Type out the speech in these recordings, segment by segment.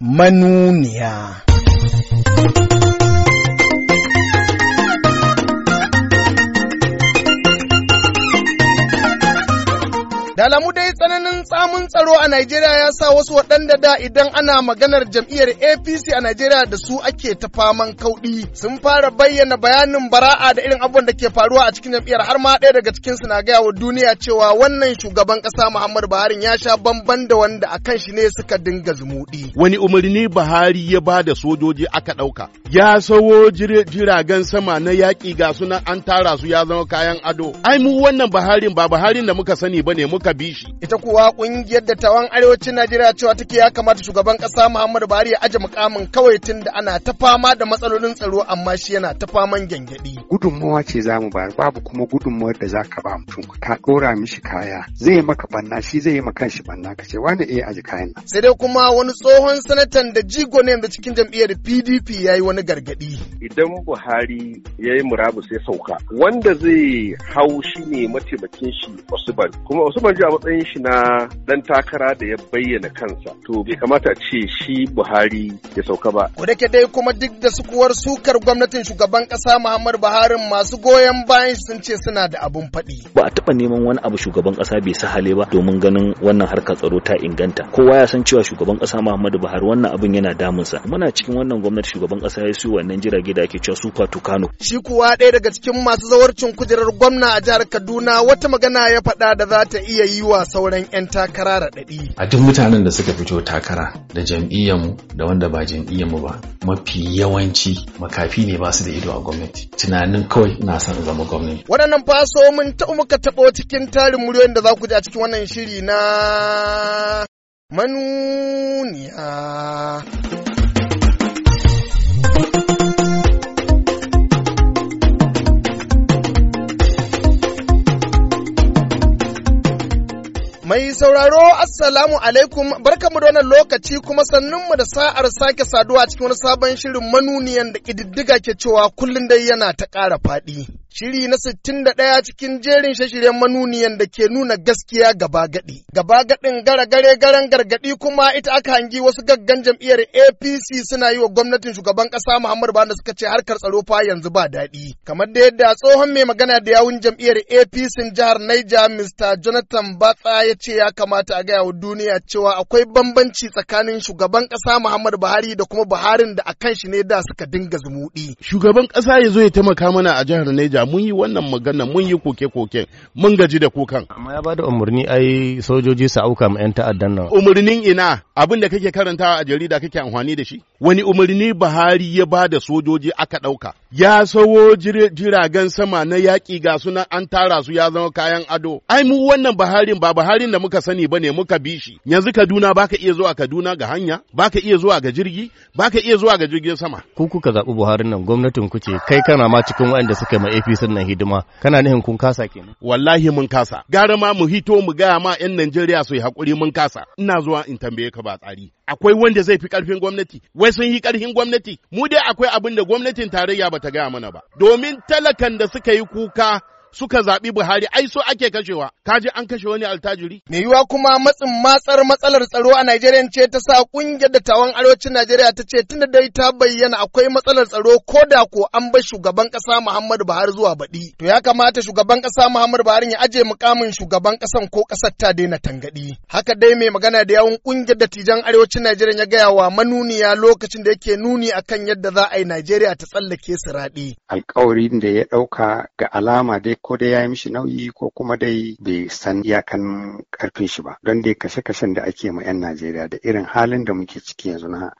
manuniya. Da alamu dai tsanan tsamin tsaro a Najeriya ya sa wasu waɗanda da idan ana maganar jam'iyyar APC a Najeriya da su ake ta faman kauɗi sun fara bayyana bayanin bara'a da irin abubuwan da ke faruwa a cikin jam'iyyar har ma ɗaya daga cikin na gaya wa duniya cewa wannan shugaban ƙasa Muhammadu Buhari ya sha bamban da wanda akan shi ne suka dinga zumuɗi. Wani umarni Buhari ya ba da sojoji aka ɗauka. Ya sawo jiragen sama na yaƙi ga suna an tara su ya zama kayan ado. Ai mu wannan Buharin ba Buharin da muka sani ba ne muka bi shi. Ita kuwa kungiyar tawan arewacin Najeriya cewa take ya kamata shugaban kasa Muhammadu Buhari ya aje mukamin kawai tun da ana ta fama da matsalolin tsaro amma shi yana ta faman gyangyaɗi. Gudunmuwa ce za mu bayar babu kuma gudunmuwar da za ka ba mutum ka ɗora mishi kaya zai maka banna shi zai yi maka shi banna ka ce wani eh aje kayan nan. Sai dai kuma wani tsohon sanatan da jigo ne da cikin jam'iyyar PDP ya yi wani gargaɗi. Idan Buhari ya yi murabus ya sauka wanda zai hau shi ne mataimakin shi Osuban kuma Osuban ji a matsayin shi na dan takara da ya bayyana kansa to bai kamata ce shi Buhari ya sauka ba. Ko dake dai kuma duk da sukuwar sukar gwamnatin shugaban kasa Muhammadu Buhari masu goyon bayan sun ce suna da abun faɗi. Ba a taɓa neman wani abu shugaban ƙasa bai hale ba domin ganin wannan harkar tsaro ta inganta. Kowa ya san cewa shugaban ƙasa Muhammadu Buhari wannan abin yana damunsa. Muna cikin wannan gwamnati shugaban kasa ya siyo wannan jirage da ake cewa Super Tucano. Shi kuwa ɗaya daga cikin masu zawarcin kujerar gwamna a jihar Kaduna wata magana ya faɗa da za ta iya yi wa sauran 'yan 'yan takara raɗaɗi. A duk mutanen da suka fito takara da jam'iyyar mu da wanda ba jam'iyyar mu ba mafi yawanci makafi ne ba su da ido a gwamnati. Tunanin kawai ina son zama gwamnati. Waɗannan faso mun taɓa muka taɓo cikin tarin muryoyin da za ku ji a cikin wannan shiri na manuniya. Mai sauraro Assalamu alaikum barkamu da wannan lokaci kuma sanninmu da sa'ar sake saduwa cikin wani sabon shirin manuniyan da ƙididdiga ke cewa kullum dai yana ta ƙara faɗi. shiri na sittin da ɗaya cikin jerin shashiryen manuniyan da ke nuna gaskiya gaba gaɗi. Gaba gaɗin gara garan gargaɗi kuma ita aka hangi wasu gaggan jam'iyyar APC suna yi wa gwamnatin shugaban ƙasa Muhammadu Buhari da suka ce harkar tsaro fa yanzu ba daɗi. Kamar da yadda tsohon mai magana da yawun jam'iyyar APC jihar Niger Mr. Jonathan Batsa ya ce ya kamata a gaya wa duniya cewa akwai bambanci tsakanin shugaban ƙasa Muhammadu Buhari da kuma Buharin da a kan shi ne da suka dinga zumuɗi. Shugaban ƙasa ya zo ya taimaka mana a jihar Niger mun yi wannan magana mun yi koke koke mun gaji da kukan. Amma ya bada umarni ai sojoji su auka ma 'yan ta'addan nan. Umarnin ina abin da kake karantawa a jarida kake amfani da shi. Wani umarni bahari ya bada sojoji aka ɗauka. Ya sawo jiragen sama na yaƙi ga suna an tara su ya zama kayan ado. Ai mu wannan Buharin ba Buharin da muka sani ba ne muka bi shi. Yanzu Kaduna baka iya zuwa Kaduna ga hanya, baka iya zuwa ga jirgi, baka iya zuwa ga jirgin sama. Ku kuka zaɓi Buharin nan gwamnatin ku ce kai kana ma cikin waɗanda suka ma ofisin nan hidima kana nihin kun kasa kenan wallahi mun kasa gara ma mu hito mu gaya ma yan Najeriya su yi hakuri mun kasa ina zuwa in tambaye ka ba tsari akwai wanda zai fi ƙarfin gwamnati wai sun yi karfin gwamnati mu dai akwai abin da gwamnatin tarayya bata gaya mana ba domin talakan da suka yi kuka suka zaɓi Buhari ai so ake kashewa kaji an kashe wani altajiri. Me yiwa kuma matsin matsar matsalar tsaro a Najeriya ce ta sa ƙungiyar dattawan arewacin Najeriya ta ce tunda dai ta bayyana akwai matsalar tsaro ko da ko an bar shugaban kasa Muhammadu Buhari zuwa baɗi. To ya kamata shugaban ƙasa Muhammadu Buhari ya aje mukamin shugaban ƙasan ko kasar ta daina tangadi. Haka dai mai magana da yawun ƙungiyar dattijan arewacin Najeriya ya gaya wa manuniya lokacin da yake nuni akan yadda za a yi Najeriya ta tsallake su raɗi Alƙawarin da ya ɗauka ga alama dai ko dai ya yi mishi nauyi ko kuma dai bai san iyakan karfin shi ba don dai kashe-kashen da ake ma 'yan Najeriya da irin halin da muke ciki yanzu na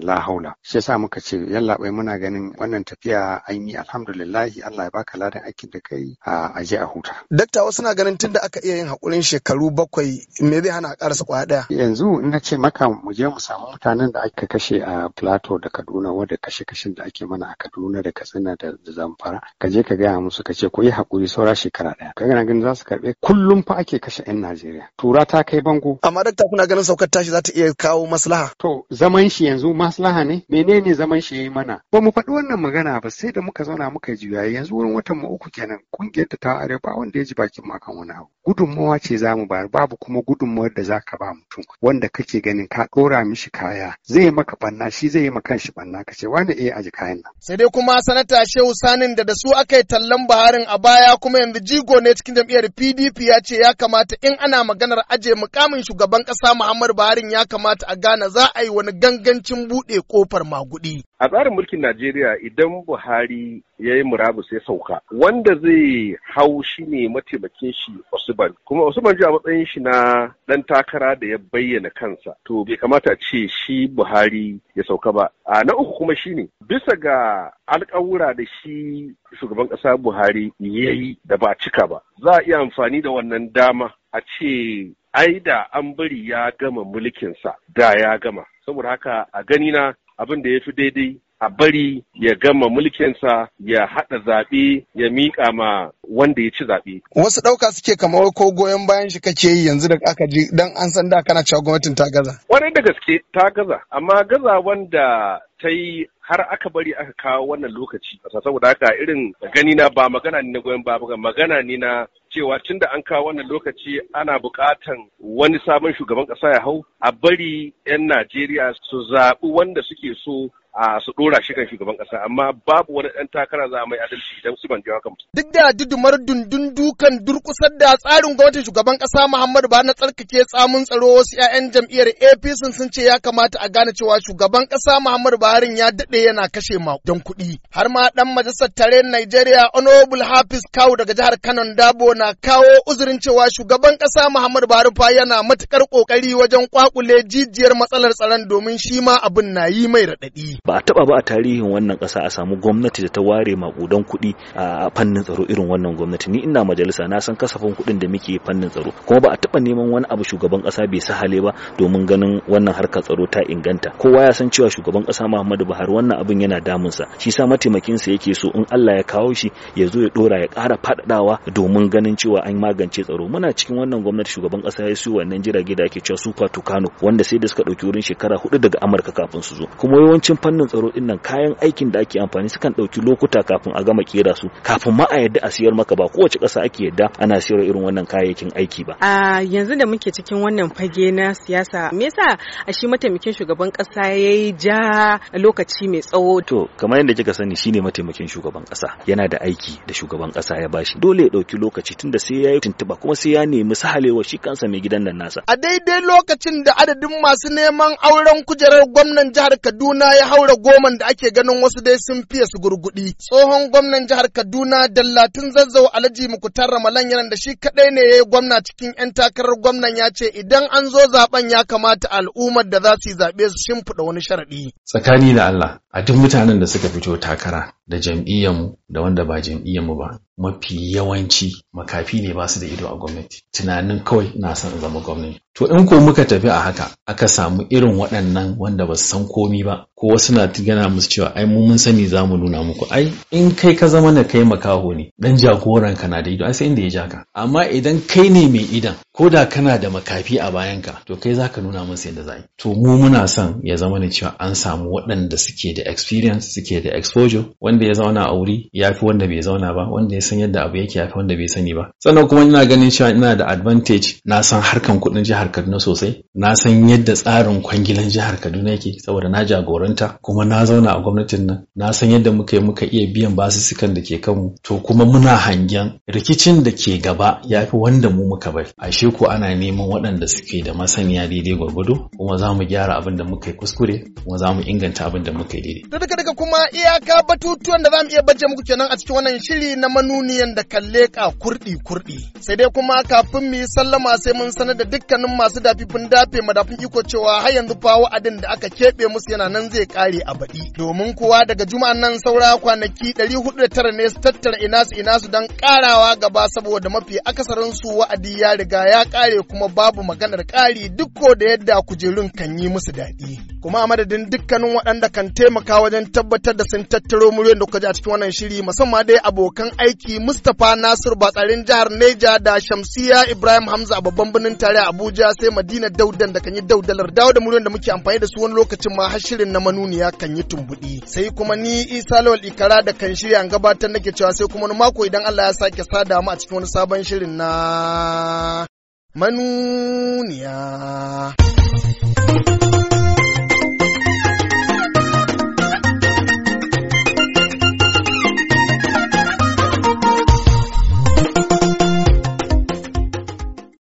lahaula shi yasa muka ce bai muna ganin wannan tafiya an yi alhamdulillahi Allah ya baka ladan aikin da kai a je a huta. Dakta wasu na ganin tunda aka iya yin hakurin shekaru bakwai me zai hana a karasa kwaya ɗaya. Yanzu in na ce maka mu je mu samu mutanen da aka kashe a Plateau da Kaduna wanda kashe-kashen da ake mana a Kaduna da Katsina da Zamfara ka je ka gaya musu ka ce ku yi hakuri. mai saura shekara ɗaya kaga na ganin za su karɓe kullum fa ake kashe 'yan Najeriya tura ta kai bango amma dakta kuna ganin saukar tashi za ta iya kawo maslaha to zaman shi yanzu maslaha ne menene zaman shi yayi mana ba mu faɗi wannan magana ba sai da muka zauna muka juyayi yanzu wurin watan mu uku kenan kungiyar ta arewa ba wanda ya ji bakin makan wani abu gudunmawa ce za mu bayar babu kuma gudunmawar da za ka ba mutum wanda kake ganin ka ɗora mishi kaya zai maka banna shi zai maka kanshi banna ka ce wani eh aji kayan nan. sai dai kuma sanata shehu sanin da da su aka yi tallan buharin a baya kuma yanzu jigo ne cikin jam'iyyar pdp ya ce ya kamata in ana maganar aje mukamin shugaban ƙasa muhammadu Baharin ya kamata a gane za a yi wani gangancin buɗe kofar maguɗi. a tsarin mulkin najeriya idan buhari ya yi murabus ya sauka wanda zai hau shi ne mataimakin shi wasu Usman kuma Usman ji a matsayin shi na ɗan takara da ya bayyana kansa to bai kamata a ce shi Buhari ya sauka ba a na uku kuma shi ne. bisa ga alƙawura da shi shugaban ƙasa Buhari ya yi da ba cika ba za a iya amfani da wannan dama a ce ai da an bari ya gama mulkin sa, da ya gama saboda haka a gani na abin da ya fi daidai a bari ya gama mulkinsa ya haɗa zaɓe ya miƙa ma wanda ya ci zaɓe. Wasu ɗauka suke kamar ko goyon bayan shi kake yi yanzu da aka ji dan an san da kana cewa gwamnatin ta gaza. Wani da gaske ta gaza amma gaza wanda ta yi har aka bari aka kawo wannan lokaci saboda haka irin gani na ba magana ne na goyon ba magana ne na cewa tun da an kawo wannan lokaci ana buƙatan wani sabon shugaban ƙasa ya hau a bari 'yan Najeriya su zaɓi wanda suke so a su dora shi kan shugaban kasa amma babu wani dan takara za a mai adalci idan su ban jawo kan duk da dudumar dundun dukan durkusar da tsarin gwamnatin shugaban kasa Muhammadu Buhari na tsarkake tsamun tsaro wasu 'ya'yan jam'iyyar APC sun ce ya kamata a gane cewa shugaban kasa Muhammadu Buhari ya dade yana kashe don kuɗi har ma dan majalisar tare Nigeria Honorable Hafiz Kawu daga jihar Kano Dabo na kawo uzurin cewa shugaban kasa Muhammadu Buhari fa yana matukar kokari wajen kwakule jijiyar matsalar tsaron domin shi ma abin na yi mai raɗaɗi. ba a taba ba a tarihin wannan kasa a samu gwamnati da ta ware makudan kuɗi a fannin tsaro irin wannan gwamnati ni ina majalisa na san kasafin kuɗin da muke fannin tsaro kuma ba a taba neman wani abu shugaban kasa bai sahale ba domin ganin wannan harkar tsaro ta inganta kowa ya san cewa shugaban kasa Muhammadu Buhari wannan abin yana damunsa shi sa mataimakin sa yake so in Allah ya kawo shi ya zo ya dora ya ƙara faɗaɗawa domin ganin cewa an magance tsaro muna cikin wannan gwamnati shugaban kasa ya siyo wannan jirage da ake cewa Super Tucano wanda sai da suka dauki wurin shekara hudu daga Amurka kafin su zo kuma yawancin fannin tsaro din nan kayan aikin da ake amfani sukan ɗauki lokuta kafin a gama kera su kafin ma a yadda a siyar maka ba kowace ƙasa ake yadda ana siyar irin wannan kayayyakin aiki ba a yanzu da muke cikin wannan fage na siyasa me yasa a shi mataimakin shugaban ƙasa yayi ja lokaci mai tsawo to kamar yadda kika sani shine mataimakin shugaban ƙasa yana da aiki da shugaban ƙasa ya bashi dole ya ɗauki lokaci tunda sai yayi tuntuɓa kuma sai ya nemi sahalewa shi kansa mai gidan nan nasa a daidai lokacin da adadin masu neman auren kujerar gwamnan jihar Kaduna ya hau ɗaura goman da ake ganin wasu dai sun fiye su gurgudi. Tsohon gwamnan jihar Kaduna Dallatin Zazzau Alhaji Mukutar Ramalan yana da shi kaɗai ne ya yi gwamna cikin 'yan takarar gwamnan ya ce idan an zo zaben ya kamata al'ummar da za su yi zaɓe su shimfiɗa wani sharaɗi. Tsakani da Allah a duk mutanen da suka fito takara da jam'iyyarmu da wanda ba mu ba mafi yawanci makafi ne ba su da ido a gwamnati tunanin kawai na son zama gwamnati to in ko muka tafi a haka aka samu irin waɗannan wanda ba su san komi ba ko wasu na gana musu cewa ai mu mun sani za mu nuna muku ai in kai ka zama na kai makaho ne dan jagoran ka na da ido ai sai inda ya ja ka amma idan kai ne mai idan ko da kana da makafi a bayanka to kai zaka nuna musu yadda za yi to mu muna son ya zama ne cewa an samu waɗanda suke da experience suke da exposure wanda ya zauna a wuri ya fi wanda bai zauna ba wanda ya san yadda abu yake ya fi wanda bai san sani ba sannan kuma ina ganin cewa ina da advantage na san harkan kudin jihar Kaduna sosai na san yadda tsarin kwangilan jihar Kaduna yake saboda na jagoranta kuma na zauna a gwamnatin nan na san yadda muka yi muka iya biyan basussukan da ke kanmu to kuma muna hangen rikicin da ke gaba ya fi wanda mu muka bari ashe ko ana neman waɗanda suke da masaniya daidai gwargwado kuma za mu gyara abin da muka yi kuskure kuma za mu inganta abin da muka yi daidai. To duka duka kuma iyaka batutuwan da za mu iya baje muku kenan a cikin wannan shiri na manuniyan da kalle ku kurɗi-kurɗi. Sai dai kuma kafin mu yi sallama sai mun sanar da dukkanin masu dafifin dafe madafin iko cewa har yanzu fa wa'adin da aka keɓe musu yana nan zai kare a baɗi. Domin kuwa daga juma'an nan saura kwanaki ɗari hudu da tara ne su tattara ina su ina su don ƙarawa gaba saboda mafi akasarin su wa'adi ya riga ya kare kuma babu maganar ƙari duk ko da yadda kujerun kan yi musu daɗi. Kuma a madadin dukkanin waɗanda kan taimaka wajen tabbatar da sun tattaro muryoyin da kuka ji a cikin wannan shiri musamman dai abokan aiki Mustapha nasiru Batsa garin jihar Neja da Shamsiya Ibrahim Hamza a babban birnin tare Abuja sai Madina Daudan da kan yi daudalar dawo da muryan da muke amfani da su wani lokacin ma har shirin na manuniya kan yi tumbudi sai kuma ni Isa Lawal Ikara da kan shirya an gabatar nake cewa sai kuma wani mako idan Allah ya sake sada mu a cikin wani sabon shirin na manuniya.